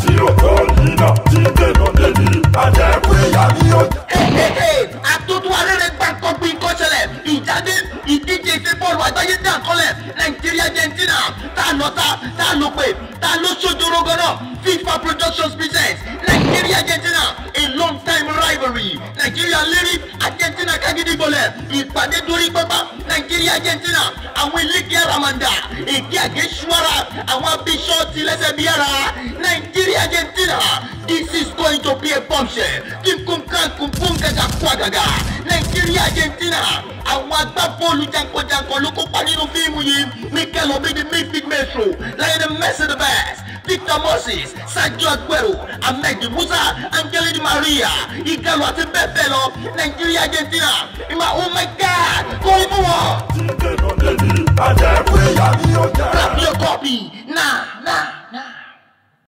ìròtò yìnà tí dènà débi àjẹkù ìyá ni ó. àtúntò arére gbàgbọ́ bí nǹkan ṣẹlẹ̀ ìjáde ìdíje ìfẹ́ bọ́ọ̀lù àgbáyé dà kọ́lẹ̀ nàìjíríà argentina tá a nọ ta tá a nọ pé tá a lọ sójú rogo náà fifa productions presents nàìjíríà argentina a long time rivalry nàìjíríà lérí argentina kágídígbolẹ̀ ìpàdé dórí pápá nàìjíríà argentina àwọn ilé kí aramanda èké àgéṣuara àwọn abisọ́ tilẹ́sẹ̀ bí ara. sọ̀gà nàìjíríà argentina àwọn agbábọ́ọ̀lù jankanjankan ló kópa nínú fíìmù yìí mikel obi di midfield metro lionel messi the best victor moses sergio aguero ahmed musa angel di maria igalo àti bẹ́ẹ̀ bẹ́ẹ̀ lọ nàìjíríà argentina ìmọ̀ oh my god